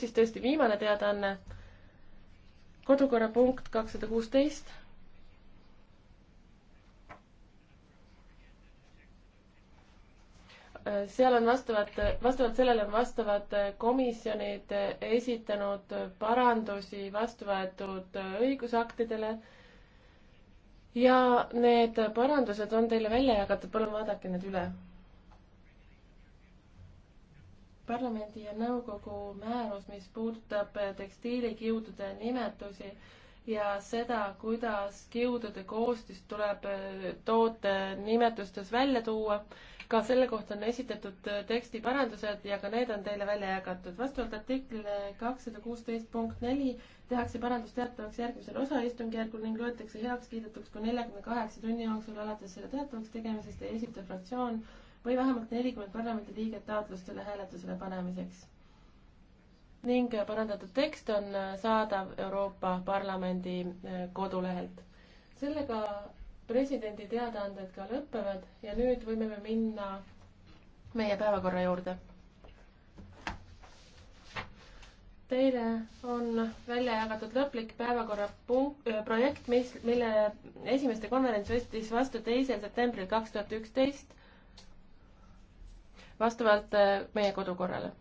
siis tõesti viimane teadaanne, kodukorra punkt kakssada kuusteist. seal on vastavad, vastavalt sellele on vastavad komisjonid esitanud parandusi vastu võetud õigusaktidele ja need parandused on teile välja jagatud, palun vaadake need üle parlamendi ja nõukogu määrus, mis puudutab tekstiilikiudude nimetusi, ja seda, kuidas kiudude koostist tuleb äh, toote nimetustes välja tuua. ka selle kohta on esitatud äh, tekstiparandused ja ka need on teile välja jagatud. vastavalt artiklile kakssada kuusteist punkt neli tehakse parandus teatavaks järgmisel osaistungjärgul ning loetakse heakskiidetuks kui neljakümne kaheksa tunni jooksul alates selle teatavaks tegemisest ja esitab fraktsioon või vähemalt nelikümmend parlamendiliiget taotlustele hääletusele panemiseks ning parandatud tekst on saadav Euroopa Parlamendi eh, kodulehelt. sellega presidendi teadaanded ka lõpevad ja nüüd võime me minna meie päevakorra juurde. Teile on välja jagatud lõplik päevakorra punkt, eh, projekt, mis, mille esimeste konverents võttis vastu teisel septembril kaks tuhat üksteist vastavalt eh, meie kodukorrale